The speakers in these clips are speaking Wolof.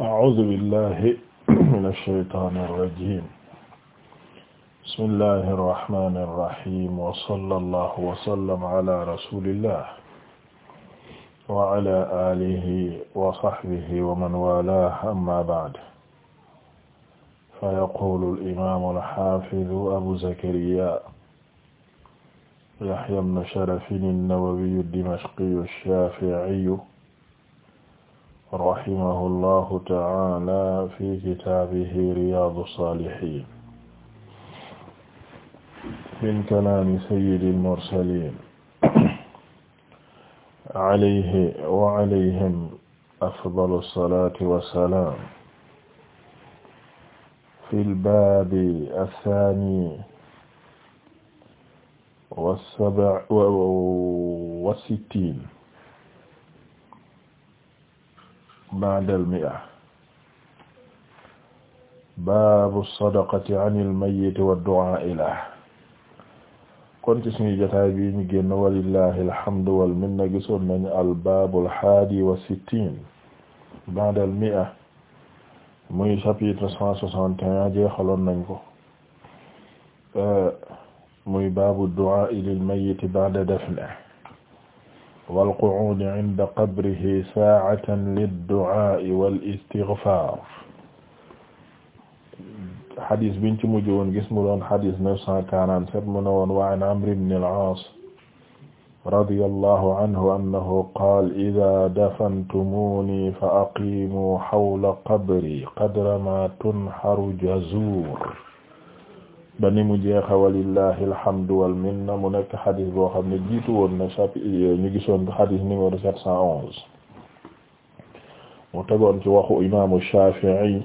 a'uuzu billahi mina shaytaani rajiim bismillahi rahmaani rahiim wa sallallahu wa sallam ala rasulillah wa ala aalihi wa sahbihi wa man waalaahu amma ba'd fa yaquulu al-imaamu al-haafidu abu zakariyaa yahyaa ibnu sharafin an-nawawiyu ad-dimashqiyu ash-shaafi'iyyu rahimahullahu ta'ala fi kitaabihi riyaadu saalihiin min kalaami sayyidil mursaliin alayhi wa alayhim afdalu salaati wa salaam fil baabi asaani wa sittiin ba'dal mi'a baabu sadaqati anil mayyit wa du'a ilah kon ci suñu jotaay bi ñu génn walillahi alhamdu wal minna gisoon nañu al baabul haadi wa sittin ba'dal mi'a muy chapitre cent soixante et un jeexaloon nañ ko euh, muy baabu du'a lil mayyit ba'da dafnihi walqucuudi cinda qabrihi saacatan lidducaa'i wal istigfaar xadis biñ ci mujj woon gis mu doon xadis neuf cent quarante-sept mu ne woon wa an Amr ibn al-Aas radiyallahu anhu annahu qaala idaa dafantumuunii fa aqiimuu xawla qabrii qadra maa tunxaru jazuur ba ni mu jeexa walillahi alhamdu wal minna mu nekk xadis boo xam ne jiitu woon na chapitre ñu gisoon xadis numéro sept cent onze mu tegoon ci waxu imaamu Shafi'i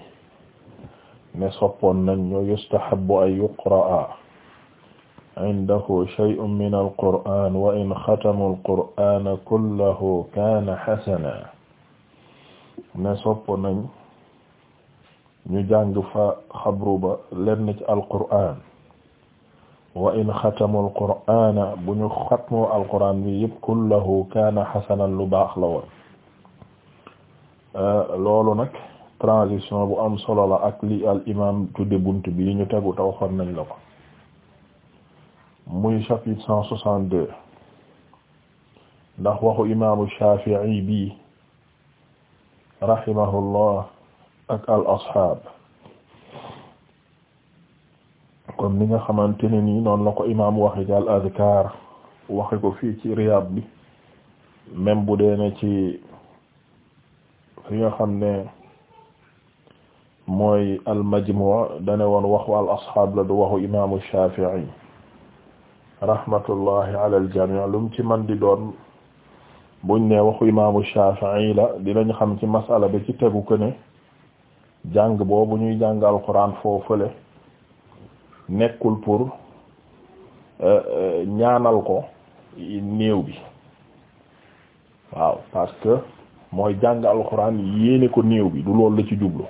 ne soppoon nañ ñu yustahabbu an yuqra'a indahu shay'un min al-Qur'an wa in xatama al-Qur'ana kullahu kaana hasanan ne soppoon nañ ñu jàng fa xabru ba lenn ci alqur'an wa in xatamu alqur'ana bu ñu xatmoo alqur'an bi yëpp kullahu kaana xasanan lu baax la woon euh, loolu nag transition bu am solo la ak li al imam tudde bunt bi ñu tegu te waxoon nañ la muy chapitre cent soixante-deux ndax waxu imaamu Shaafi'i bi rahimahullah ak al asxaab kon ni nga xamante ne nii noonu la ko imaam waxe ci al azkaar waxe fii ci riyaad bi même bu dee ci fi nga xam ne mooy al majmuu dane won waxu al asxaab la du waxu imaamu Shaafi'i rahmatullahi ala al jamii lum ci man di doon buñ ne waxu imaamu Shaafi'i la dinañ xam ci masala bi ci tegu ko ne jàng boobu ñuy jàng alxuraan foofale nekkul pour euh, euh, ñaanal ko néew bi waaw parce que mooy jàng alxuraan yéene ko néew bi du loolu la ci jublu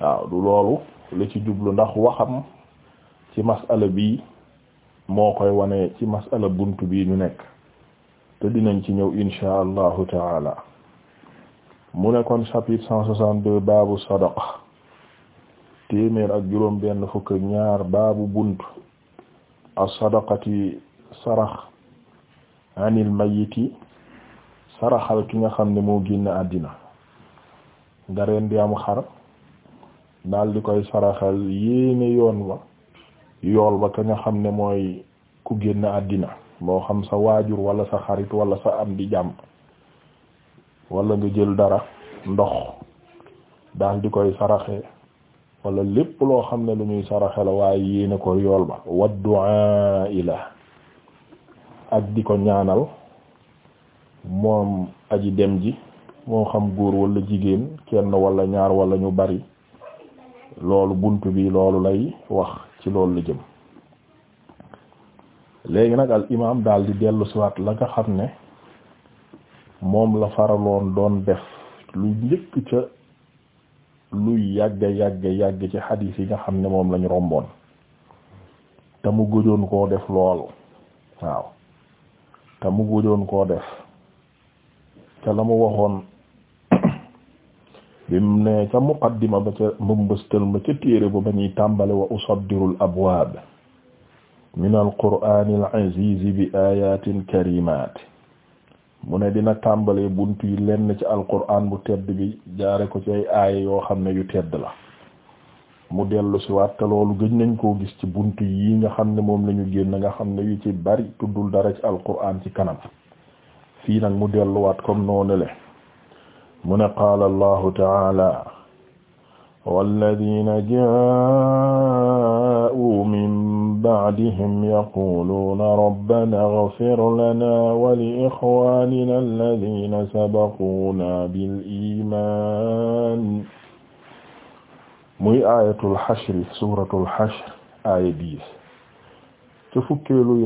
waaw du loolu la ci jublu ndax waxam ci masala bi moo koy wane ci masala bunt bi ñu nekk te dinañ ci ñëw insha allahu taala mu ne kon chapitre cent soixante-deux baabu sadaqa téeméer ak juróom benn fukk ñaar baabu bunt as-sadaqati sarax anil mayiti saraxal ki nga xam ne moo génn àddina nga reen di am xar daal di koy saraxal yéene yoon wa yool ba ka nga xam ne mooy ku génn àddina moo xam sa waajur wala sa xarit wala sa am di jàmm wala nga jël dara ndox daal di koy saraxe wala lépp loo xam ne lu muy saraxe la waaye yéene ko yool ba wa du'a ila ak di ko ñaanal moom aji dem ji moo xam góor wala jigéen kenn wala ñaar walla ñu bari loolu bunt bi loolu lay wax ci loolu la jëm léegi nag al imaam daal di dellu siwaat la nga xam ne moom la faraloon doon def lu njëkk ca lu yàgga yàgga yàgg ci xadiis yi nga xam ne moom lañu romboon te mu gëjoon koo def lool waaw te mu gëjoon koo def ca la mu waxoon bim ne ca muqaddima ba ca mbëmbëstal ma ca téere ba ba ñuy tàmbale wa usaddirul abwaab min al qur'aanil aziizi bi ayaatin karimaat mu ne dina tàmbalee bunt yi lenn ci alquran bu tedd bi jaare ko ci ay aaya yoo xam ne yu tedd la mu dellu si waat loolu gëj nañ koo gis ci bunt yi nga xam ne moom lañu génn nga xam ne yu ci bari tuddul dara ci alquran ci kanam fii nag mu delluwaat comme noonu le mu ne qaala allahu taala walladina jaa ja'u min ba'dihim yaquluuna rabbana ighfir lana wa li ikhwanina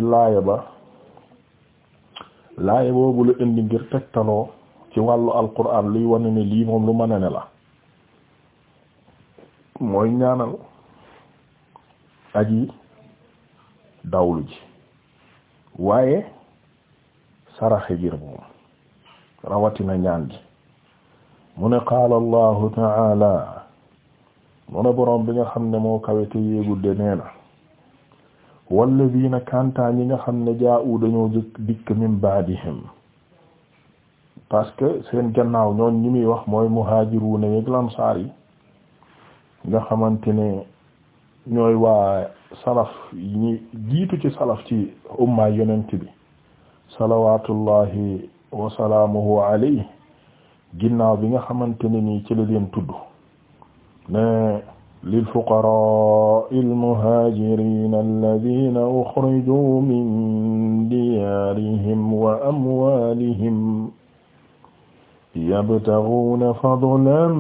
laaya ba laaya boobu la indi ngir tegtaloo ci wàllu alquraan luy wane ne lii moom lu mën a ne la ñaanal aji dawlu ji waaye saraxe ngir moom rawatina ñaan gi mu ne qaala allahu taala mu ne boroom bi nga xam ne moo kawete yéegudde nee na walladina kantaa yi nga xam ne jaa'u dañoo jëkk dikk min baadihim seen gannaaw ñoon ñi muy wax mooy muhaajiruuna yeeg lansaar yi nga xamante ñooy waa salaf ñi jiitu ci salaf ci umma yonent bi salawatullahi wa salaamuhu alayhi ginnaaw bi nga xamante ne nii ci la leen tudd ne lil fuqaraa'i al-muhaajiriina allaziina uxrijuu min diyaarihim wa amwaalihim yabtaxuuna fadlan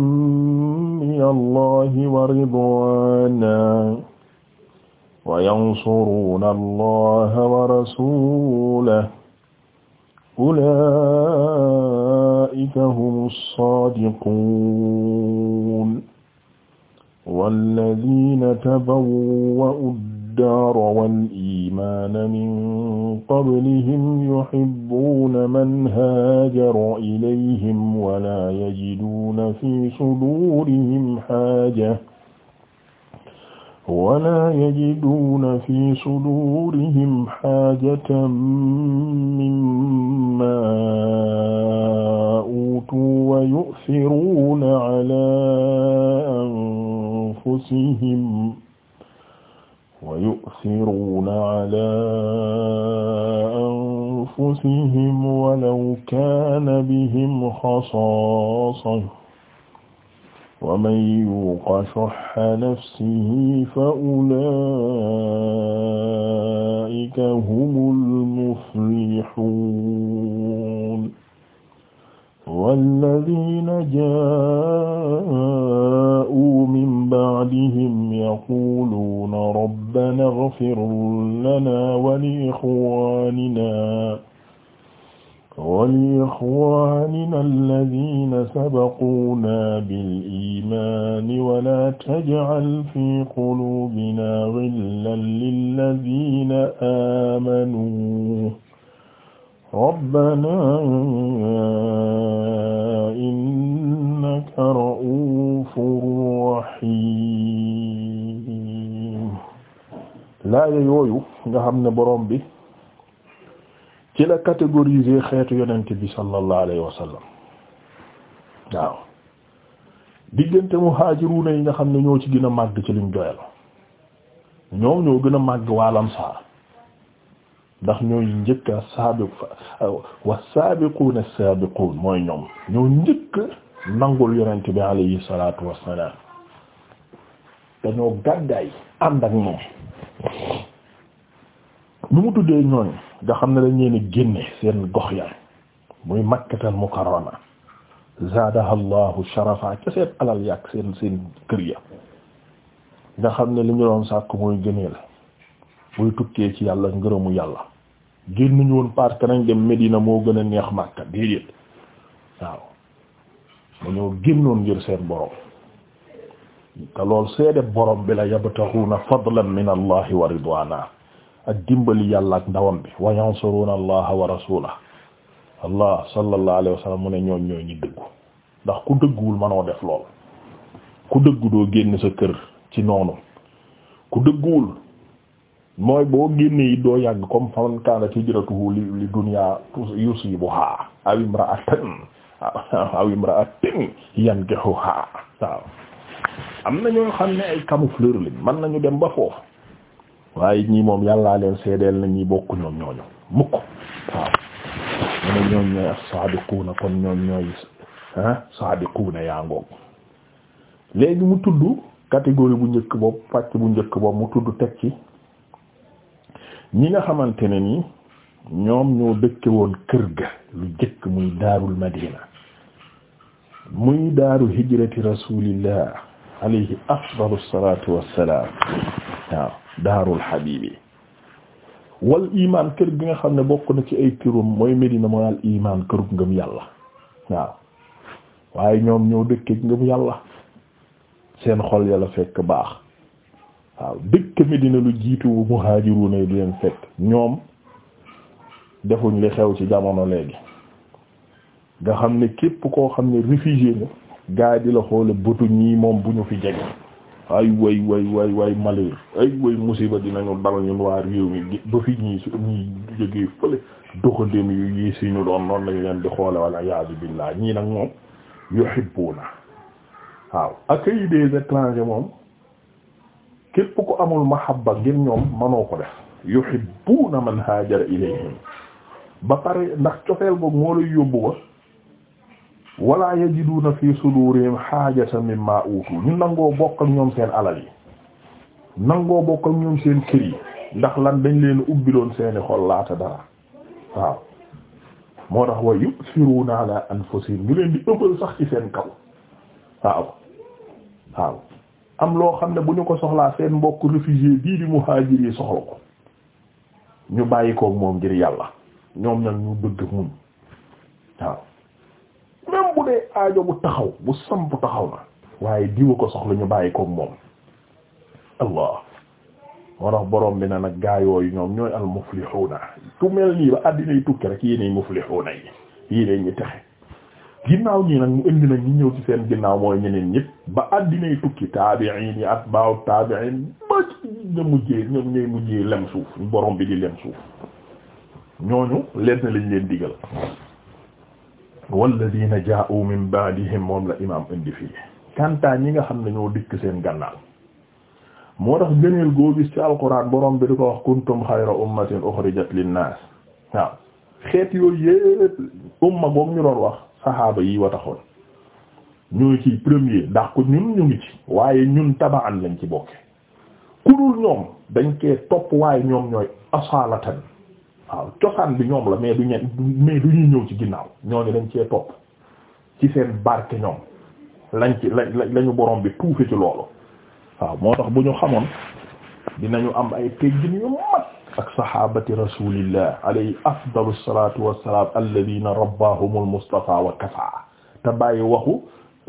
min allahi wa ridwaana wa yansuruuna allaha wa rasuulahu ulaa'ika humu saadiquun walladiina tabawwa'u الدار والإيمان من قبلهم يحبون من هاجر إليهم ولا يجدون في صدورهم حاجة ولا يجدون في صدورهم حاجة مما أوتوا ويؤثرون على أنفسهم wa yu'thiruuna alaa anfusihim walaw kaana bihim xasaasa wa man yuuqa shuhha nafsihi fa ulaa'ika humul muflihuun walladina jaa'u min ba'dihim yaquluuna rabbana ighfir lana wa li ixwaanina wa li ixwaanina alladina sabaquuna bil iimaani wa laa taj'al fi quluubina ghillan lilladina aamanuu ربنا إنك رؤوف رحيم laaya yooyu nga xam ne borom bi ci la catégoriser xeetu yonent bi sallallahu alayhi wa sallam waaw diggante na yi nga xam ne ñoo ci gën a màgg ci liñ doyal ñoom ñoo gën a màgg waa Ansaar ndax ñooy njëkk a saabiq wa saabiquuna saabiquun mooy ñoom ñoo njëkk nangul yonent bi alayhi salaatu wassalaam dañoo gàddaay ànd ak moom lu mu tuddee ñooñ nga xam ne dañ leen génne seen gox ya muy makkatal mukarrama zaadaha allahu sharafa ca seen alal yàq seen seen kër ya nga xam ne li ñu doon sàkk mooy gëneel muy tukkee ci yàlla ngërëmu yàlla génnuñu woon parce que nañ dem Medina moo gën a neex Makka déedéet waaw dañoo génnoon ngir seen borom te lool seede borom bi la yabtaxuuna fadlan min allahi wa ridwaana ak dimbali yàlla ak ndawam bi wa yansuruuna allaha wa rasuulahu allah sallallahu alayhi wa sallam mu ne ñooñ ñooy ñi dëggu ndax ku dëgguwul mënoo def lool ku dëggu doo génn sa kër ci noonu ku dëgguwul mooy boo génnee it doo yàgg comme fan kaanat hijratuhu li li dunya yusibuha aw imra'atan aw imra'atan yankihuha waaw am na ñoo xam ne ay camoufleur lañ nañu dem ba foofu waaye ñii moom yàllaa leen seedeel na ñi bokk ñoom ñooñu mukk waaw mu ne ñoom ñooy as-saadiquuna kon ñoom ñooy ah saadiquuna yaa ngoog léegi mu tudd catégorie bu njëkk boobu pàcc bu njëkk boobu mu tudd teg ci ñi nga xamante ne ni ñoom ñoo dëkke woon kër ga lu jëkk muy daarul madina muy daaru hijrati rasulillah alayhi afdalu salatu wassalam waaw daarul habibi wal iman kër gi nga xam ne bokk na ci ay kërum mooy Medina mooy al iman kërug ngëm yàlla waaw waaye ñoom ñoo dëkke ngëm yàlla seen xol yàlla fekk baax waaw dëkk dina lu jiitu muhaajiruuna yi di leen fekk ñoom defuñ li xew ci jamono léegi nga xam ne képp koo xam ne réfugié nga gaa di la xoole bëtu ñii moom bu ñu fi jege ay way way way way malheur ay way musiba dinañu dal ñun waa réew mi ba fi ñii su ñii jógee fële doxandéem yu yi suñu doon noonu lañu leen di xoole wala yaazu billah ñii nag moom yuhibbuuna waaw accueil des étrangers moom képp ku amul mahabba ngir ñoom manoo ko def yuhibbuna man haajara ilayhim ba pare ndax cofeel boog moo lay yóbbu ba wala yajiduna fi sudurihim haajatan mimma utu ñu nangoo bokk ñoom seen alal yi nangoo bokk ñoom seen kër yi ndax lan dañ leen ubbiloon seeni xol laata dara waaw moo tax wa yusiruna ala anfusihim ñu leen di ëppal sax ci seen kaw waaw waaw am loo xam ne bu ñu ko soxlaa seen mbokk réfugié bii di muhaajir yi soxla ko ñu bàyyi koog moom ngir yàlla ñoom nag ñu bëgg muñ waaw même bu dee aajo bu taxaw bu samp taxaw na waaye diwa ko soxla ñu bàyyi koog moom allah moo tax borom bi na nag gaa yooyu ñoom ñooy al muflixuuna ku mel nii ba àddina yi tukki rek yéenay muflixuuna yi yéenay ñu texe ginnaaw ñii nag mu indi nag ñi ñëw ci seen ginnaaw mooy ñeneen ñëpp ba addinay tukki taabi'in yi atba'u taabi'in ba ñu mujjee ñoom ñooy mujjee lem suuf borom bi di lem suuf ñooñu leen na lañ leen digal walladina jaa'u min ba'dihim moom la imaam indi fii kantaa ñi nga xam ne ñoo dikk seen gannaaw moo tax gëneel goo gis ci alquran borom bi di ko wax kuntum xayra ummatin uxrijat linnaas waaw xeet yooyu yépp umma ñu doon wax saxaaba yi wa taxoon ñooy ci premier ndax ko ñun ñu ngi ci waaye ñun tabaan lañ ci bokke ku dul ñoom dañ kee topp waaye ñoom ñooy asaalatan waaw cosaan bi ñoom la mais du ñe mais du ñuy ñëw ci ginnaaw ñooñu dañ cee topp ci seen barke ñoom lañ ci la lañu borom bi tuufe ci loolu waaw moo tax bu ñu xamoon dina ñu am ay teggin yu mat ak sahabati rasulillah alayhi afdalu salatu wassalam alladina rabbahumul mustafa wa kafa te bàyyi waxu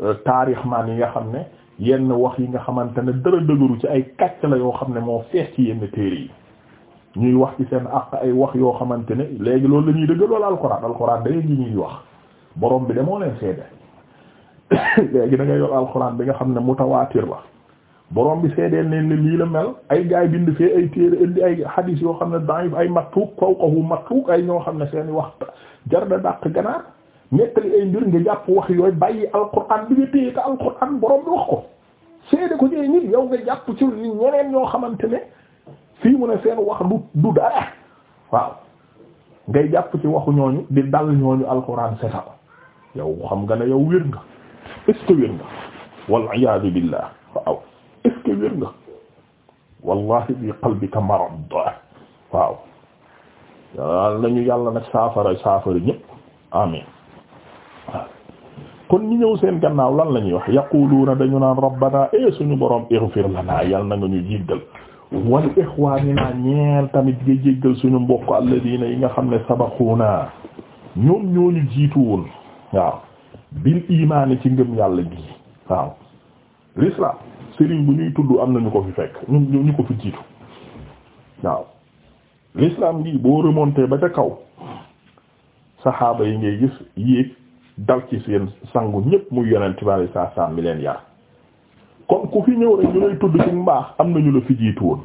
euh, taarix maan yi nga xam ne yenn wax yi nga xamante ne dara dëgëru ci ay kàcc la yoo xam ne moo fees ci yenn téere yi ñuy wax ci seen àq ay wax yoo xamante ne léegi loolu la ñuy dëggal loolu alxuraan alxuraan da ñuy wax borom bi de moo leen seede léegi da nga yor bi nga xam ne mutawaatir la borom bi seedeel ne lii la mel ay gaay bind fee ay téere indi ay hadis yoo xam ne da'if ay matruk fawqahu matruk ay ñoo xam ne seeni wax jar da dàq ganaar nettali ay mbir nga jàpp wax yooyu bàyyi alquran bi nga téye te alquran borom ko ko jëye yow jàpp ci ñeneen ñoo xamante ne fii mu ne seen wax du du jàpp ci waxu ñooñu di dal ñooñu alquran seta yow xam nga ne yow wér nga est-ce nga wal iyaadu billah waaw est-ce que wér nga wallahi fi qalbika marad waaw yàlla nañu yàlla na saafara saafara ñëpp amin kon ñu ñëw seen gannaaw lan la ñuy wax yaquluuna dañu naan rabbana e suñu borom ighfir lana yàlla na ñu jéggal wal ixwaanina ñeel tamit nga jéggal suñu mbokk alladina yi nga xam ne sabaxuuna ñoom ñooñu ci ngëm yàlla gi waaw l'islam sëriñ bu ñuy tudd am na ñu ko fi fekk ñu ñu ko fi jiitu waaw l'islam gi boo remonté ba ca kaw saxaaba yi ngay gis yéeg dal ci seen sangu ñépp muy yonent bi alei saa salaam mi leen yar kon ku fi ñëw rek ñu lay tudd ci mbaax am nañu la fi jiitu woon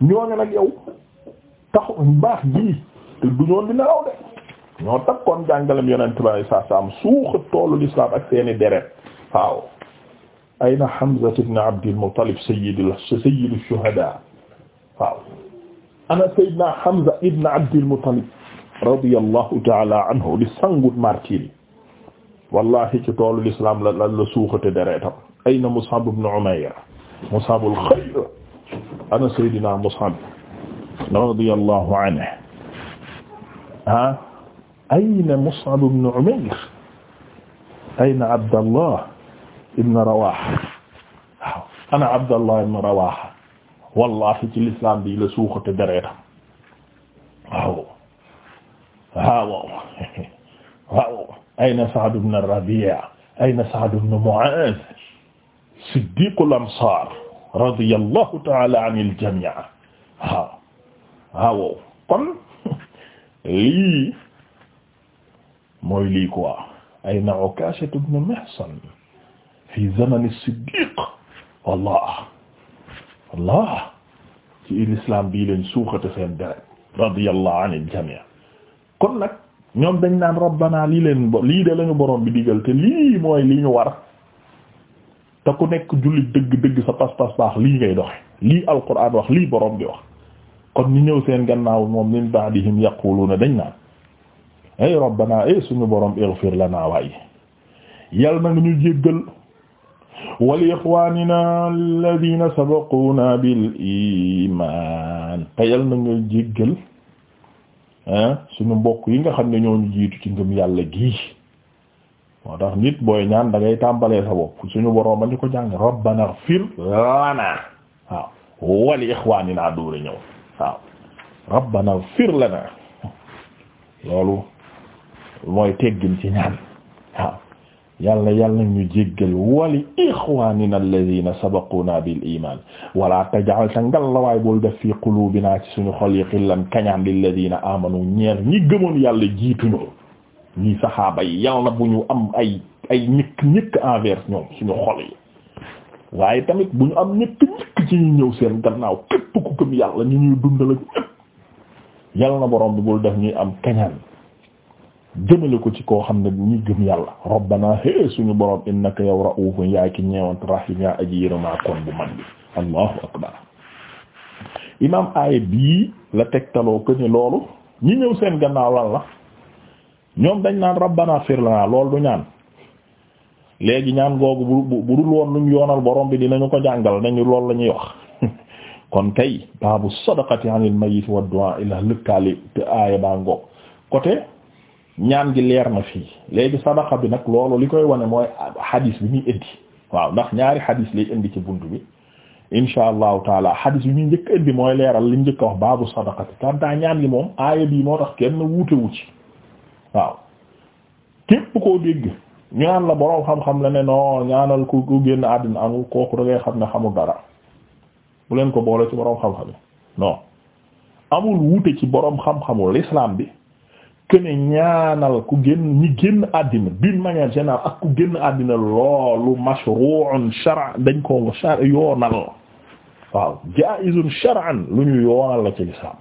ñooñu nag yow taxu mbaax gii te du ñoon di nelaw de ñoo takkoon jàngalem yonent bi alei saa salaam suuxa toolu l'islam ak seeni deret waaw ayna Hamza ibn Abdil Muttalib sayyidul sayyidu shuhada waaw ana sayyidna Hamza ibn Abdil Muttalib radiyallahu ta'ala anhu di sangut martyr wallahi ci toolu l'islam la la suuxate deretam ayna Mus'ab ibn Umayr Mus'abul khayr ana sayyidina Mus'ab radiyallahu anhu ha ayna Mus'ab ibn Umayr ayna Abdallah ibn Rawaha waaw ana Abdallah ibn Rawaha wallahi ci l'islam bi la suuxate deretam waaw waaw waaw ayna Sa'd ibn Rabi'a ayna Sa'd ibn Mu'adh siddiqul ansar radiyallahu ta'ala anil jami' waaw waaw kon lii mooy lii quoi ayna Ukasha ibn Mihsan fi zamani siddiq wallah wallah ci l'islam bii lañ suuxate seen deret radiyallahu anil jami' kon nag ñoom dañ naan rabbana lii leen lii de lañu borom bi digal te lii mooy li ñu war te ku nekk jullit dëgg dëgg sa pas-pas baax lii ngay doxe lii alquran wax lii borom bi wax kon ñu ñëw seen gannaaw moom min ba'dihim yaquluna dañ naan ay rabbana ay suñu borom ighfir lana waaye yàlla na nga ñu jéggal wa li ixwaanina alladina sabaquuna bil iman te na nga jéggal ah, suñu mbokk yi nga xam ne ñoo ñu jiitu ci ngëm yàlla gii moo tax nit booy ñaan da ngay tàmbalee sa bopp suñu borom ba ñu ko jàng rabbana ighfir lana waaw wa li ixwaanina dóore ñëw waaw rabbana ighfir loolu mooy teggin ci ñaan waaw yàlla yàlla ñu jéggal wali ixwanina alladina sabaquna bil iman wala tajal ta ngallawaay bul def fii qulubina ci suñu xol yi xillan kañaan lilladina amanu ñeer ñi gëmoon yàlla jiituñoo ñi saxaaba yi yàlla bu ñu am ay ay ñëkk ñëkk ñoom suñu xol tamit bu ñu am ñëkk ñëkk ci ñu ñëw seen gannaaw képp ku gëm yàlla ñu ñuy dundal ak na borom bi bul def ñuy am kañaan jëmale ko ci koo xam ne bu gëm yàlla rabbana hé suñu borom innaka yow ra'ufun yaay ki ñeewant rahim yaa aji yërëmaa kon bu mag bi allahu akbar imam aaya bii la tegtaloo ko loolu ñi ñëw seen gannaaw lan la ñoom dañ naan rabbana firlana lool du ñaan léegi ñaan googu bu bu dul woon luñ yoonal borom bi dinañu ko jàngal nañu lool la ñuy wax kon kay baabu sadaqati anil mayyit wa du'a ila lëkkaali te aaya baa ngoog côté ñaan gi leer na fii léegi sadaqa bi nag loolu li koy wane mooy hadis bi muy indi waaw ndax ñaari hadis lay indi ci bunt bi insha allahu taala hadis bi ñu njëkk indi mooy leeral li njëkk a wax baabu sadaqati kantaa ñaan gi moom aaya bii moo tax kenn wuutewu ci waaw képp koo dégg ñu la boroom xam-xam la ne non ñaanal ku ku génn àddina anu kooku da ngay xam ne xamul dara bu leen ko boole ci boroom xam-xam yi amul wuute ci boroom xam-xamul bi que ne ñaanal ku génn ñi génn àddina d'une manière générale ak ku génn àddina loolu mashru'un shar'an dañ ko shar yoonal waaw jaa'izun shar'an lu ñu yoonal la ci lislaam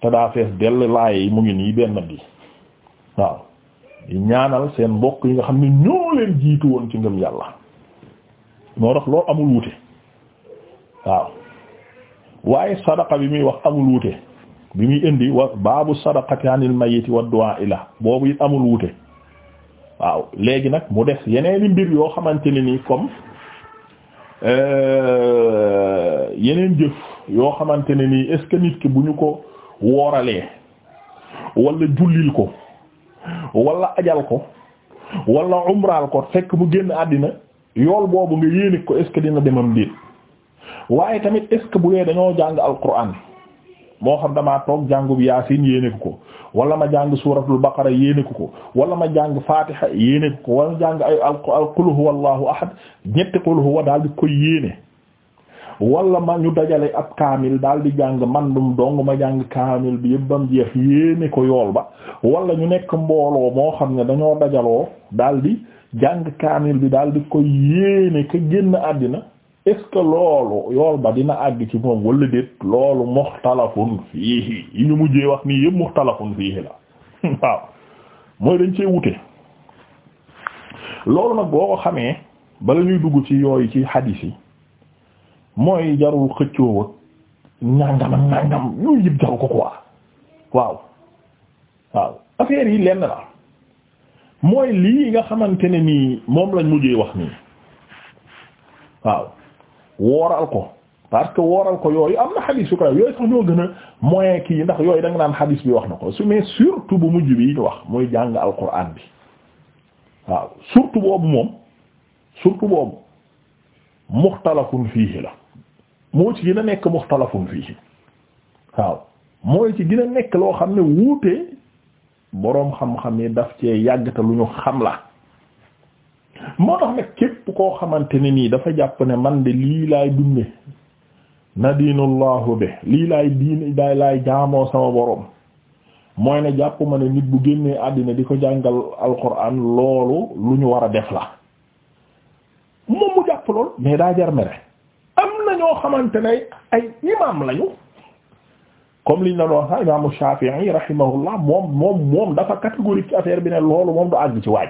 te daa fees dell laay mu ngi nii benn bi waaw ñaanal seen mbokk yi nga xam ne ñoo leen jiitu woon ci ngëm yàlla moo tax loolu amul wute waaw waaye sadaqa bi muy wax amul wute bi muy indi wa baabu sadaqati anil mayiti wa du'a ila boobu it amul wuute waaw léegi nag mu def yeneeni mbir yoo xamante ne nii comme euh, yeneen jëf yoo xamante ne nii est-ce nit ki bu ñu ko wooralee wala jullil ko wala ajal ko walla umraal ko fekk mu génn àddina yool boobu nga yéene ko est-ce que dina demam déet waaye tamit est-ce que bu dee dañoo jàng alquran moo xam damaa toog jàngub yaasin yéeneeku ko wala ma jàng suuratul baqara yéeneeku ko wala ma jàng fatiha yéeneeku ko wala ma ay al qul huwallahu ahad ñetti qul wala ma ñu dajale ab kaamil daal di jàng man dum dong ma jàng kaamil bi yëpp bam jeex yéene ko yool ba wala ñu nekk mbooloo moo xam ne dañoo dajaloo daal di jàng kaamil bi daal di koy yéene ka génn àddina est-ce que loolu yool ba dina àgg ci moom wala déet loolu muxtalafun fiihi yi ñu mujjee wax nii yëpp muxtalafun fiihi la waaw mooy dañ cee wute loolu nag boo ko xamee bala ñuy dugg ci yooyu ci hadis yi mooy jarul xëccoo ak ñàngam ak ñàngam yëpp jaru ko quoi waaw waaw affaire yi lenn la mooy lii nga xamante ne nii moom lañ mujjee wax nii waaw wooral ko parce que wooral ko yooyu am na xadis yu ko yooyu sax ñoo gën a moyen kii yi ndax yooyu danga nga naan xadis bi wax na ko su mais surtout bu mujj bi ñu wax muy jàng al alquran bi waaw surtout boobu moom surtout boobu muxtalafun fiihi la moo ci gën a nekk muxtalafun fiihi waaw mooy ci gën a nekk loo xam ne wuute boroom xam-xam yi daf cee yàgg te lu ñu xam la moo tax nag képp koo xamante ne nii dafa jàpp ne man de lii laay dunde na diinullahu de lii lay diin day laay jaamoo sama borom mooy ne jàpp ma ne nit bu génnee àddina di ko jàngal alquran loolu lu ñu war a def la moom mu jàpp lool mais daa jar mere am na ñoo xamante ne ay imaam lañu comme liñ la doon sax imaamu Shafi'i rahimahullah moom moom dafa catégorique ci affaire bi ne loolu moom du àgg ci waaj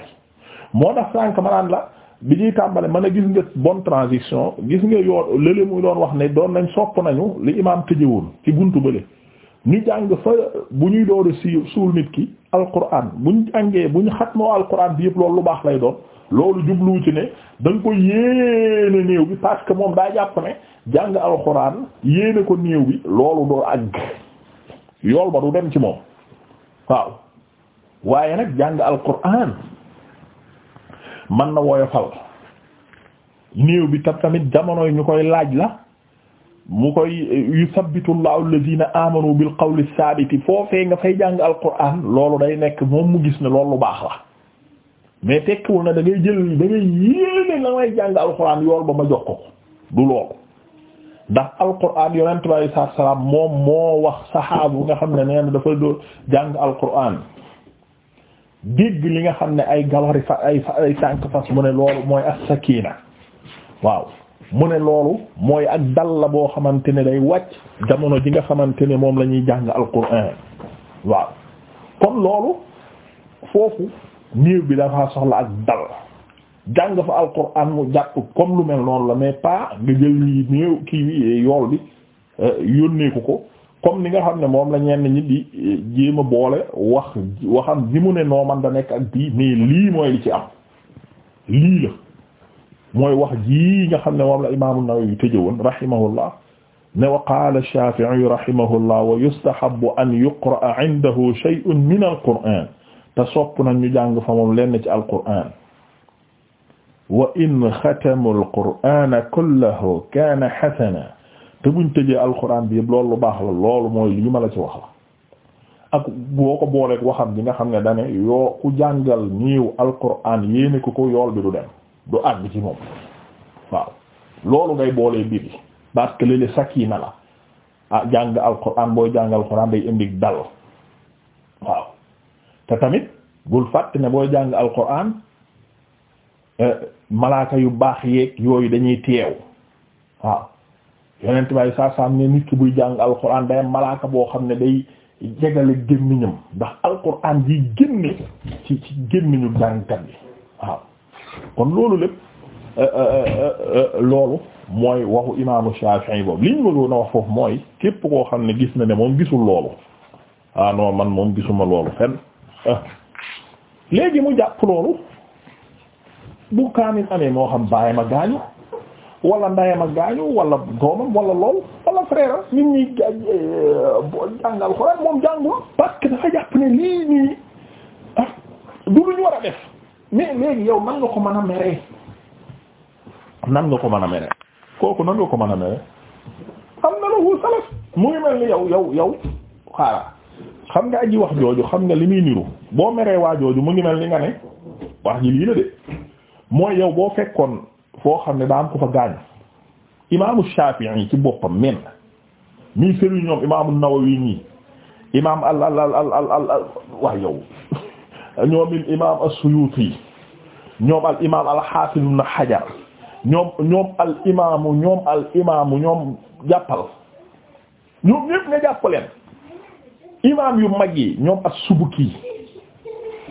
moo tax sànq ma naan la bi tàmbale man a gis nga bonne transition gis nga yoo lële doon wax ne doon nañ sopp nañu li imaam tëjewoon ci buntu bële ñu jàng fa bu ñuy door a siiw suul nit ki alquran bu ñu jàngee bu ñu xatmoo alquran bi yëpp loolu lu baax lay doon loolu jubluwu ci ne da ko yéene néew bi parce que moom daa jàpp ne jàng alquran yéene ko néew bi loolu doo àgg yool ba du dem ci moom waaw waaye nag jàng alquran man na woyofal néew bi tam tamit jamono yi ñu koy laaj la mu koy eh, yusabbitu llahu alladhina amanu bil qawli sabiti foofee nga fay jàng alquran loolu day nekk moom mu gis ne loolu lu baax la mais tekkiwul na da ngay jël da ngay yéene la may jàng alquran yool ba ma jox ko du loolu ndax alquran yonent bi sallallahu alayhi wasallam moom moo wax saxaabu nga xam ne nee na dafa doo jàng alquran dégg li nga xam ne ay gawari fa ay fa ay tànk fas mu ne loolu mooy as-sakina waaw mu ne loolu mooy ak dal la boo xamante ne day wàcc jamono ji nga xamante ne moom la ñuy jàng alquran waaw kon loolu foofu néew bi dafa soxla ak dal jàng fa alquran mu jàpp comme lu mel noonu la mais pas nga jël yi néew kii yool bi euh, yónneeku ko comme ni nga xam ne moom la ñenn ñi di eh, jéem a boole wax ji mu ne noo man da nekk ak bii mais lii mooy li ci am lii la mooy wax ji nga xam ne moom la imaamu Nawawi tëjëwoon rahimahullah ne wa qaala Shaafi'i rahimahullah wa yustahabbu an yuqra'a 'indahu shay'un min al-Qur'aan te sopp nañ ñu jàng fa moom lenn ci al-Qur'aan wa in al-Qur'aana kullahu kaana hasanan te buñ tëjee alxuraan bi yëpp loolu lu baax la loolu mooy lii ma la ci wax la ak boo ko booleeg waxam bi nga xam ne dane yoo ku jàngal niiw alxuraan yéene ko ko yool bi du dem du àgg ci moom waaw loolu ngay boolee biir yi parce que léeg-léeg sakina la ah jàng alxuraan booy jàng alxuraan day indi dal waaw te tamit bul fàtt ne booy jàng alxuraan eh, malaaka yu baax yeeg yooyu dañuy teew waaw yeneen tubaab saa saa ne nit ki buy jàng alquran day malaaka boo xam ne day jegale gémmiñam ndax alquran yi génne ci ci gémmiñu jàngkat bi waaw kon loolu lépp euh, euh, euh, loolu mooy waxu imaamu Shafi'i boobu liñ bëggoon a wax foofu mooy képp koo xam ne gis na ne moom gisul loolu ah man moom gisuma loolu fenn ah. léegi mu jàpp loolu bu kaamil amee moo xam bàyyi ma gaañu. wala ndayam a gaañu wala doomam wala lool wala frère nit ñi eh, boo jàngal xoraan moom jàngul parce dafa jàpp ne lii nii ah, du lu ñu war a def mais léegi yow nan nga ko mën a meree nan nga ko mën a meree kooku nan nga ko mën a meree am na lu salaf mu ngi mel ni yow yow yow xaaral xam nga aji wax jooju xam nga li muy niru boo meree waa jooju mu ngi mel ni nga ne wax ji lii la de mooy yow boo fekkoon foo xam ne daa am ko fa gaañ imaamu Shafi'i ci boppam men mii sëriñ Nawawi ñii imaam al al ñoom il imaam as-Suyuti ñoom al imaam al ñoom al imaamu ñoom ñoom jàppal ñoom ñépp nga jàppaleen imaam yu mag yi ñoom as-Subuki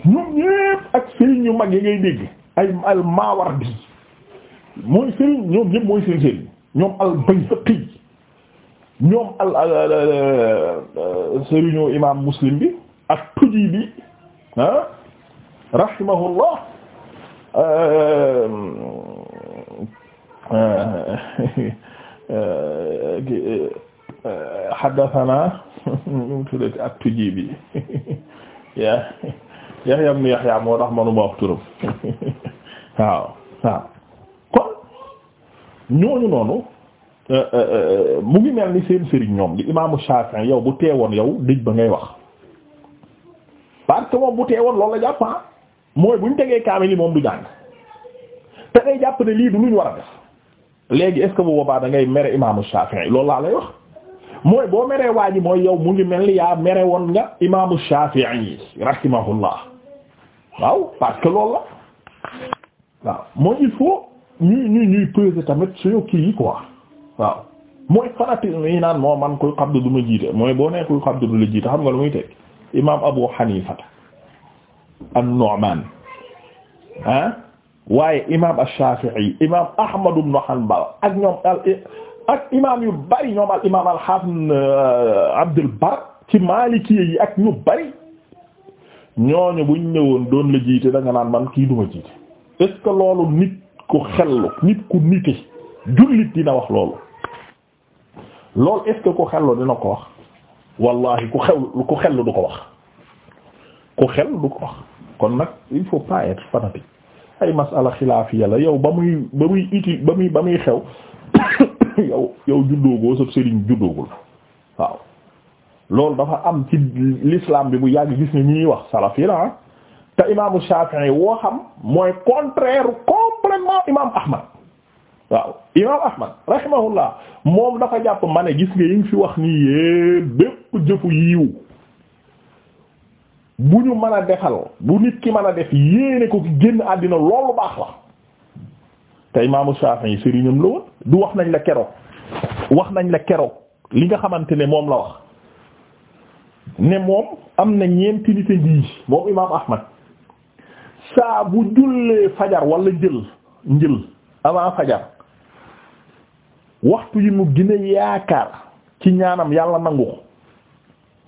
ñoom ñépp ak sëriñ yu mag yi ngay dégg ay al-Mawardi mooy sëriñ ñoom ñëpp mooy seen sëriñ ñoom al-Bayhaqi ñoom al euh, sëriñu imaam Muslim bi ak tuji bi ah rahimahullah euh, euh, haddathana ñum tuddati ak tuji bi ya Yahya ibn Yahya moo tax manuma wax turam waaw waaw ñooñu noonu euh, euh, euh, mu ngi mel ni seen sëriñ ñoom di imaamu Shafi'i yow bu teewoon yow dëj ba ngay wax parce que moom bu teewoon loolu la jàpp ah, mooy bu ñu tegee kaamil yi moom du jàng te ngay jàpp ne lii du luñ war a def léegi est ce que bu boobaa da ngay mere imaamu Shafi'i loolu laa lay wax mooy boo meree waa ji mooy yow mu ngi mel ni yaa mere woon nga imaamu Shafi'i rahimahullah waaw parce que loolu la waaw mooy il faut. ñuy ñuy ñuy peser tamit suñu kii yi quoi waaw mooy fanatisme yi naan moo man kuy xabdu du ma jiite mooy boo nee kuy xabdu du la jiite xam nga lu muy teg imaam Abu Hanifa an-Nu'man ah waaye imaam ash-Shafi'i imaam Ahmad ak ñoom al imaam yu bari ñoom al imaam al-Hasan euh, Abdul Bar ci Maliki yi ak ñu bari ñooñu buñ ñëwoon doon la jiite da nga naan man kii du jiite est-ce que loolu nit ku xellu nit ku nite jullit dina wax loolu loolu est-ce ku xellu dina ko wax wallahi ku xew ku xellu du ko wax ku xellu du ko wax kon nag il faut pas être fanatique ay masala xilaafiya la yow ba muy ba muy ba muy ba muy xew yow yow juddoogoo sa sëriñ juddoogul waaw loolu dafa am ci l'islam bi bu yàgg gis ne ñuy wax salafi te imaamu Shafi'i woo xam mooy contraire complètement imaamu Ahmad waaw imaamu Ahmad rahimahullah moom dafa jàpp ma gis nga yi nga fi wax nii yépp bépp jëfu yiiw bu ñu mën a defal bu nit ki man a def yéene ko ki génn àddina loolu baax la te imaamu Shafi'i sëriñam la woon du wax nañ la keroog wax nañ la keroog li nga xamante ne moom la wax ne moom am na ñeenti nit a ngi moom imaam Ahmad saa bu jullee fajar wala jël njël avant fajar waxtu yi mu gën yaakaar ci ñaanam yàlla nangu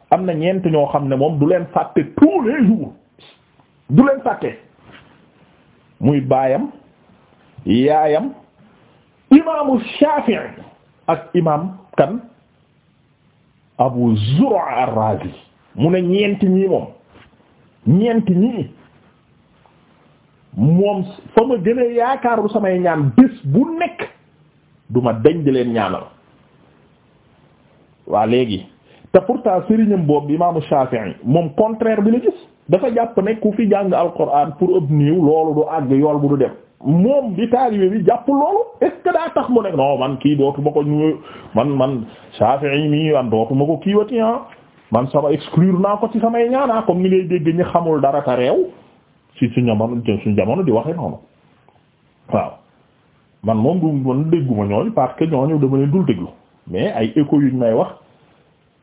am na ñeent ñoo xam ne moom du leen fàtte tous les du leen fàtte muy baayam yaayam imaamu Shafi'i ak imaam kan Abu Zur'a ar mu ne ñeent ñii moom ñeent ñii moom fa ma gën a yaakaarul samay ñaan bés bu nekk du ma dañ di leen ñaanal waa léegi te pourtant sëriñam boobu imaamu Shafi'i moom contraire bi la gis dafa jàpp ne ku fi jàng alquran pour ëpp niiw loolu du àgg yool bu du dem moom di taalibe bi jàpp loolu est que daa tax mu nekk non man kii dootuma ko ñu man man Shafi'i mi an dootuma ko kiiwati ah man sama exclure naa ko ci samay ñaanaa comme ni ngay dégg ñi xamul dara ta réew si su jamono su jamono di waxee noonu waaw man moom du man dégguma ñooñu parce que ñooñu dama leen dul déglu mais ay écho yuñ may wax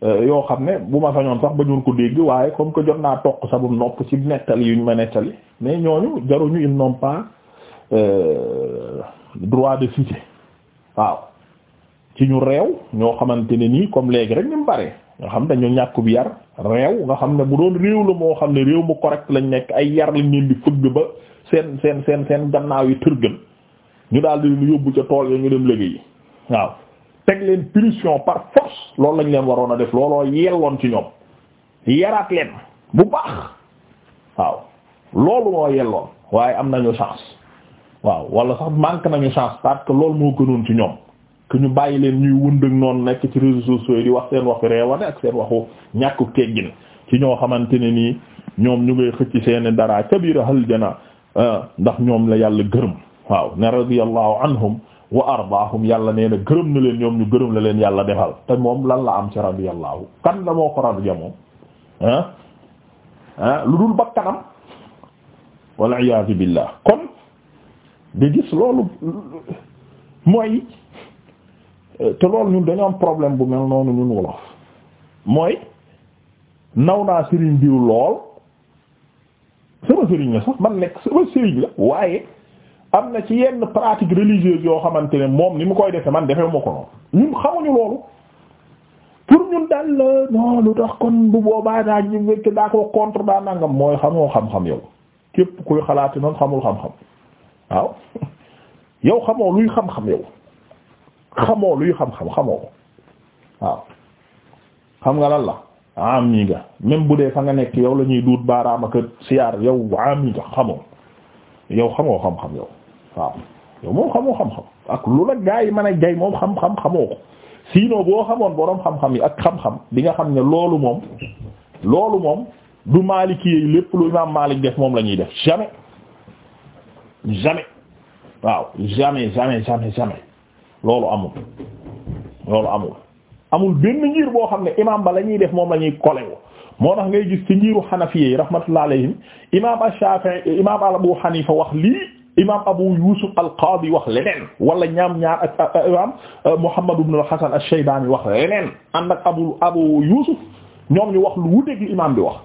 euh, yoo xam ne bu ma sañoon sax ba ñun ko dégg waaye comme que jot naa toq sa bu nopp ci nettali yuñ ma nettali mais ñooñu jaruñu ils n'ont pas euh, droit de cité waaw ci ñu réew ñoo xamante ne nii comme léegi rek ni bare nga xam dañu ñàkk bi yar réew nga xam ne bu doon réew la moo xam ne réew mu correct lañu nekk ay yar lañ leen di fëgg ba seen seen seen seen gannaaw yi tërgën ñu daal di yóbbu ca tool ya ñu dem liggéeyi waaw teg leen punition par force loolu lañ leen waroon a def looloo yelloon ci ñoom yaraat leen bu baax waaw loolu moo yelloon waaye am nañu chance waaw wala sax manque nañu chance parce que loolu moo gënoon ci ñoom que ñu bàyyi leen ñuy wëndëg noonu nekk ci réseaux sociaux yi di wax seen waxu reewane ak seen waxu ñàkku teggin ci ñoo xamante ne nii ñoom ñu ngay xëcc seen dara ca biir aljana ah, ndax ñoom la yàlla gërëm waaw ne radiyallahu anhum wa ardaahum yàlla nee na gërëm na leen ñoom ñu gërëm la leen yàlla defal te moom lan la am ci radiyallahu kan la moo ko radiya moom ah, ah lu dul bakkanam wal iyaazu billah kon di gis loolu mooy te lool ñun dañoo am problème bu mel noonu ñun wolof mooy naw naa sëriñ diw lool sama sëriñ la sax man nekk sama sëriñ la waaye am na ci yenn pratique religieuse yoo xamante ne moom ni mu koy defee man defee ma ko noonu ñun xamuñu loolu pour ñun daal la non tax kon bu boobaa daa ñu wékk daa ko nangam mooy xamoo xam-xam yow képp kuy xalaati noonu xamul xam-xam waaw yow xamoo luy xam-xam yow xamoo luy xam-xam xamoo ko waaw xam nga lal la ami nga bu dee fa nga nekk yow la ñuy duut baaraam ak siyaar yow ami nga xamoo yow xamoo xam-xam yow waaw yow moom xamoo xam-xam ak lu la gaa yi man a jay moom xam-xam xamoo ko sinon boo xamoon boroom xam-xam yi ak xam-xam di nga xam ne loolu moom loolu moom du Maliki yi lépp lu imaam Maalik def moom la ñuy def jamais jamais waaw jamais jamais jamais jamais loolu amul loolu amul amul benn ngir boo xam ne imaam ba la ñuy def moom la ñuy moo tax ngay gis ci ngiru xanafiye yi rahmatullah alayhim imaam ash-Shafi'i imaam Abu Hanifa wax lii imaam Abu Yusuf al-Qadi wax leneen wala ñaam ñaar ak imaam euh, Muhammad ibn al-Hasan ash-Shaybani wax leneen ànd Abu Abu Yusuf ñoom ñu wax lu wuteeg li imaam wax.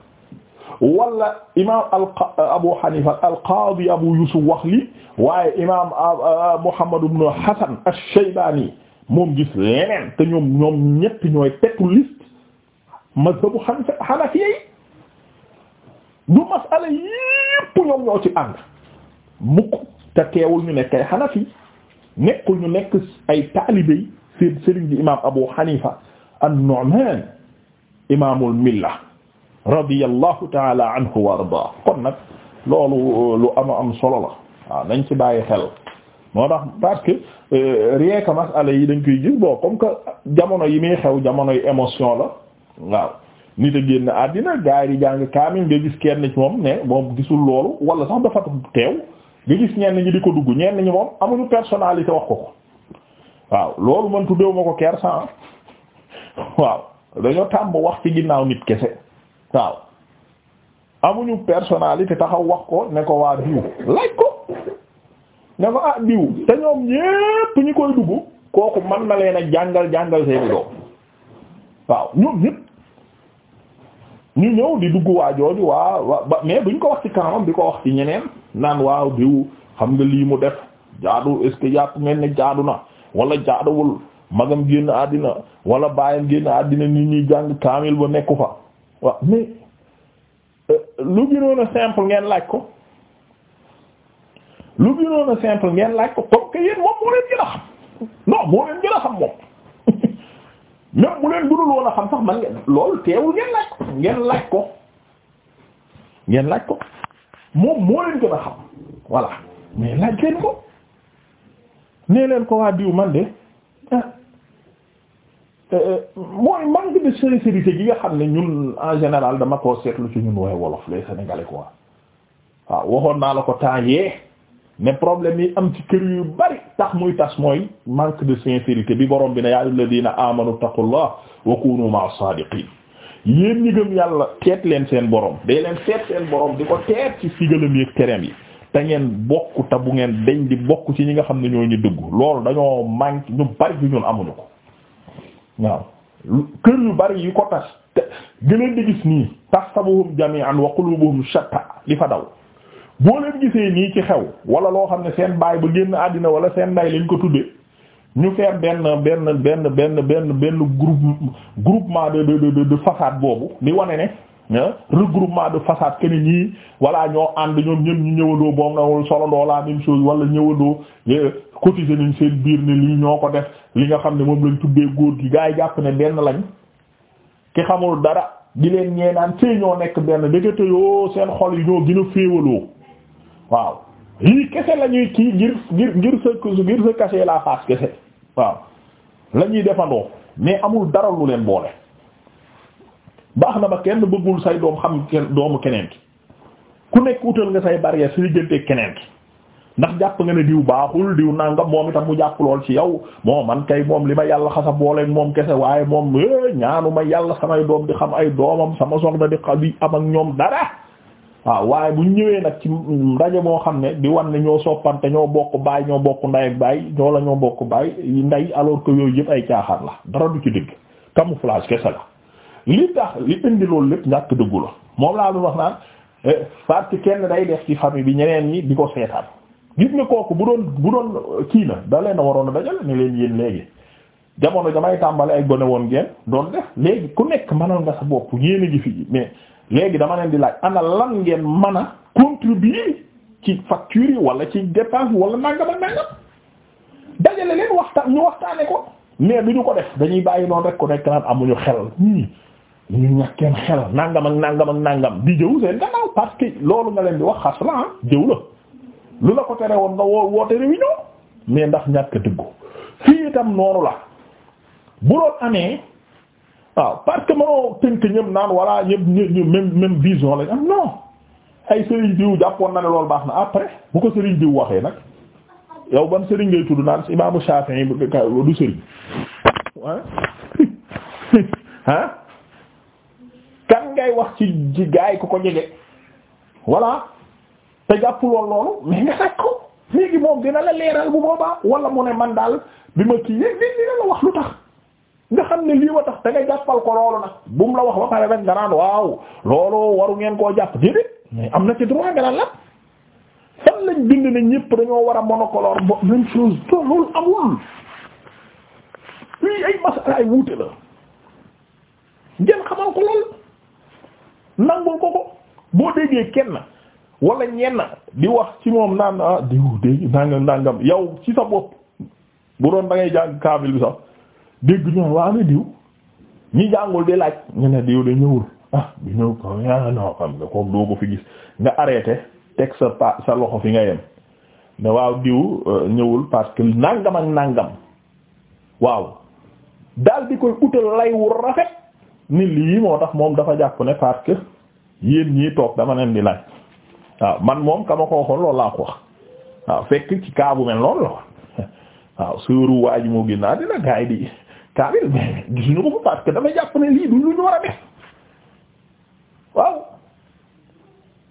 wala imaam al abu hanifa al qaadi abu yusuf wax li waaye imaam ah, ah, muhammad ibn hasan ash-shaybani moom gis leneen te ñoom ñoom ñett ñooy tetu liste mazhabu hanafiya yi du masala yépp ñoom ñoo ci ànd mukk te teewul ñu nekk ay hanafi nekkul ñu nekk ay taalibey seen sëriñ bi imaam abu hanifa an-nu'man imaamul milla radiyallahu taala anhu wa ardaa kon nag loolu euh, lu ama am solo la waaw nañ ci bàyyi xel moo tax parce que euh, rien que masala yi dañ koy gis bon comme que jamono yi muy xew jamono yi émotion la waaw nit a génn àddina gaay yi jàng kaamil nga gis kenn ci moom ne moom gisul loolu wala sax dafa teew nga gis ñenn ñi di ko dugg ñenn ñi moom amuñu personnalité wax ko ko waaw loolu man tuddeew ma ko kersan ah. waaw dañoo tàmb wax ci ginnaaw nit kese waaw amuñu personnalité taxaw wax ko ne ko waa diw laaj ko ne ko ah diw te ñoom ñépp ñi koy dugg kooku mën na leen a jàngal jàngal seeni doom waaw ñoom ñépp ñu ñëw di dugg waa jooju waa waa mais buñ ko wax ci kanamam di ko wax ci ñeneen naan waaw diw xam nga lii mu def jaadu est-ce que yàpp ngeen jaadu na walla jaaduwul magam génn àddina wala baayam génn àddina nit ñuy jàng kaamil ba nekku fa waaw mais euh, lu gënoon a simple ngeen laaj ko lu gënoon a simple ngeen laaj ko comme que moom moo leen gën a xam non moo leen gën a xam moom même bu leen gënul woon a xam sax man ngeen loolu teewul ngeen laaj ko ngeen laaj ko ngeen laaj ko moom moo leen gën a xam voilà mais laaj leen ko nee ko waa diw man ah, mooy manque de sincérité gi nga xam ne ñun en général dama koo seetlu ci ñun waaye wolof les sénégalais quoi waaw waxoon naa la ko temps yee ne problème yi am ci kër yu bari tax muy tas mooy manque de sincérité bi borom bi ne yaa ayyuhal ladina amanu taqullah wa kunu ma'as sadiqin yéen ñi gëm yàlla teet leen seen borom day leen teet seen borom di ko teet ci sigalam yëg tereem yi te ngeen bokk te bu ngeen deñ di bokk ci ñi nga xam ne ñoo ñu dugg loolu dañoo manque ñu bari bi ñun ko waaw kër yu bari yi ko tas te gëleen di gis nii tahsabuhum jami'an wa qulubuhum shatta li fa daw boo leen gisee nii ci xew wala loo xam ne seen baay ba génn àddina wala seen nday lañ ko tuddee ñu faire benn benn benn benn benn benn groupe groupement de de de de façade boobu li wane ne regroupement de façade que ni ñii voilà ñoo ànd ñoom ñëpp ñu ñëwandoo boom nawul solondoo la même chose wala ñëwandoo cotiser nañ seen biir ne lii ñoo ko def li nga xam ne moom lañ tuddee góor gi gaa yi jàpp ne benn lañ ki xamul dara di leen ñeenaan sëy ñoo nekk benn dëgg yoo seen xol yi ñoo gën a féewaloo waaw lii kese la kii ngir ngir ngir sa ngir sa cacher la face kese waaw la defandoo mais amul dara lu leen boole. baax na ba kenn bëggul say doom xam doomu keneen ki ku nekk utal nga say barrière su diggante keneen ki ndax jàpp nga ne diw baaxul diw nangam moom itam mu jàpp lool ci yow moo man kay moom li ma yàlla xasa booleeg moom kese waaye moom eh, ñaanu ma yàlla samay doom di xam ay doomam sama soxna di xa di am ak ñoom dara waaw waaye bu ñëwee nag ci ndaje moo xam ne di wan ne ñoo soppante ñoo bokk baay ñoo bokk nday ak baay ñoo la ñoo bokk baay nday alors que yooyu yëpp ay caaxaar la dara du ci dëgg camouflage la. li tax li indi loolu lépp ñàkk dëggu la moom laa doon wax naan eh, parce que kenn day def ci famille bi ñeneen ñi di ko seetaan gis nga kooku bu doon bu doon eh, kii na da leen a waroon a dajale ne leen yéen léegi jamono damay tàmbale ay gone woon ngeen doon def léegi ku nekk mënoon nga sa bopp yéen a ngi fi mais léegi dama leen di laaj ana lan ngeen mën a contribuer ci facture yi wala ci dépense wala nangam ak nangam dajale leen waxtaan ñu waxtaane ko mais du ko dañuy bàyyi noonu rek ku nekk naan amuñu xel. li ñu ñàkkeen xel nangam ak nangam ak nangam di jëw seen gannaaw parce que loolu nga leen di wax xas la ah jëw la lu la ko tere woon nga woo woote réunion mais ndax ñàkk dëggu fii itam noonu la bu doon amee waaw parce que mënoo tënk ñëpp naan walla ñëpp ñëpp même même vision lañ am non ay Serigne diw jàppoon na ne loolu baax na après bu ko Serigne diw waxee nag yow ban Serigne ngay tudd naan imaamu Shafi'i du Serigne ah. ngay wax ci ci gaay ku ko jege voilà te jàpp loolu mais nga rek ko léegi moom dina la leeral bu boobaa wala mu ne man daal bi ma kii yëg li dina la wax lu tax nga xam ne lii wa tax da nga jàppal ko loolu nag bu mu la wax ba pare rek nga waaw loolu waru ngeen koo jàpp déedéet mais am na ci droit nga naan la fan lañ bind ne ñëpp dañoo war a monocolore bo même chose to loolu amul lii ay masala ay la ngeen xamal ko loolu nangul ko ko boo déggee kenn wala ñenn di wax ci moom naan ah diw dégg nangam nangam yow ci sa bopp bu doon da ngay jàng kaamil bi sax dégg ñoom waa ne diw ñi jàngul di laaj ñu ne diw de ñëwul ah du ñëw ko ah non xam nga kooku doo ko fi gis nga arrêté teg sa pa sa loxo fi nga yem ne waaw diw euh, ñëwul parce que nangam ak nangam waaw daal di koy utal lay wu rafet ni lii moo tax moom dafa jàpp ne parce que toog dama leen di laaj waaw man moom kama ko loola loolu laa wax waaw fekk ci mel noonu la waaw suuru waa moo gën naa dina di cas bi gisuñu ko parce que dafa lii du lu ñu a def waaw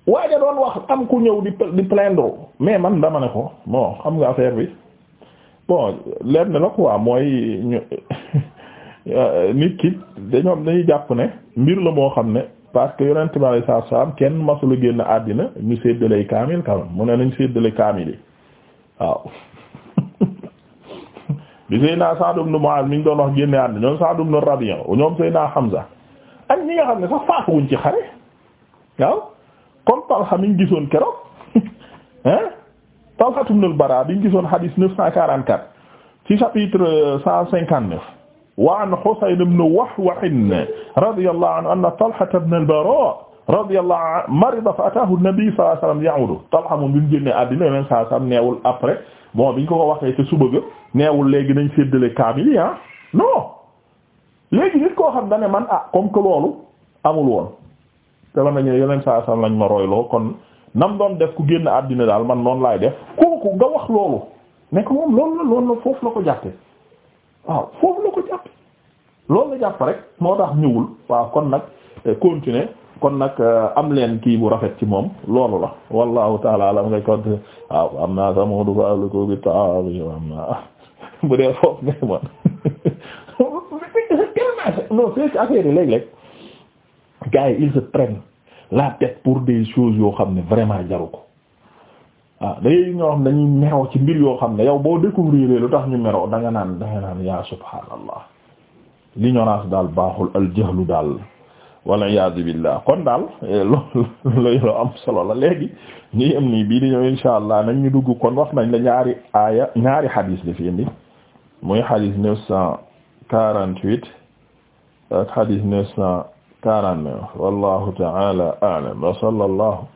waaja doon wax am ku ñëw di di plaindre man dama ne ko bon xam nga affaire bi bon leer na la quoi mooy ñu Euh, nit ki dañoo dañuy jàpp ne mbir la moo xam ne parce que yonent bi alayhi salaatu salaam kenn masula génn àddina ñu séddale kaamil quand mu ne nañ séddale kaamil yi waaw bi Seydina Sa'd ibn Mu'adh mi ñu doon wax génne àddina ñoom Sa'd ibn Rabi'a ñoom Seydina Hamza ak ñi nga xam ne sax faatuwuñ ci xare waaw comme Talha mi ñu gisoon keroog hein Talha ibn al-Bara bi ñu gisoon hadith 944 ci chapitre 159. wa an Husayn ibn Wahwah radiyallahu anhu anna Talha ibn al-Bara radiyallahu anhu marida fa ataahu an-nabi sallallahu alayhi wa sallam ya'udu Talha moom bi mu génnee àddina yeneen saa sam neewul après bon biñ ko ko waxee ca suba ga neewul léegi nañ séddale kaamil yi ah non léegi nit koo xam ne man ah comme que loolu amul woon te man nañu yeneen saa sam lañ ma royloo kon nam doon def ku génn àddina daal man noonu laay def kooku nga wax loolu ne ko moom la loolu la foofu waaw foofu la ko jàpp loolu jàpp rek moo tax ñëwul waaw kon nag eh, continuer kon nag eh, am leen kii bu rafet ci moom loolu la wallahu taala alam ngay continuer waaw am naa sax moo du fa ko bi taami am naa bu dee foofu ngay moon non c'est que affaire yi léeg-léeg gars yi ils la tête pour des choses yoo xam ne vraiment jaru ko waaw ah, dangay ñoo xam dañuy meroo ci mbir yoo xam ne yow boo découvrir lu tax ñu meroo danga naan danga naan yaa subhaanallah l'ignorance daal baaxul al jahlu daal walla iyaazu billah kon daal eh, loolu la am solo la léegi ñuy am nii bii di ñëw insha allah nañ ñu dugg kon wax nañ la ñaari aaya ñaari xadiis la fi indi muy xadiis neuf cent quarante-huit ak xadiis neuf cent quarante-neuf wallahu ta'ala a'lam wa sallallahu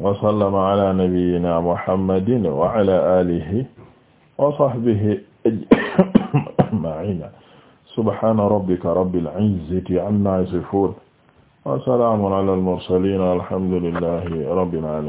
wa sallama ala nabiyyina muhammadin wa ala alihi wa sahbihi ajma'ina subhana rabbika rabbil izzati amma yasifun wa salamun ala al mursalin alhamdulillahi rabbil alamin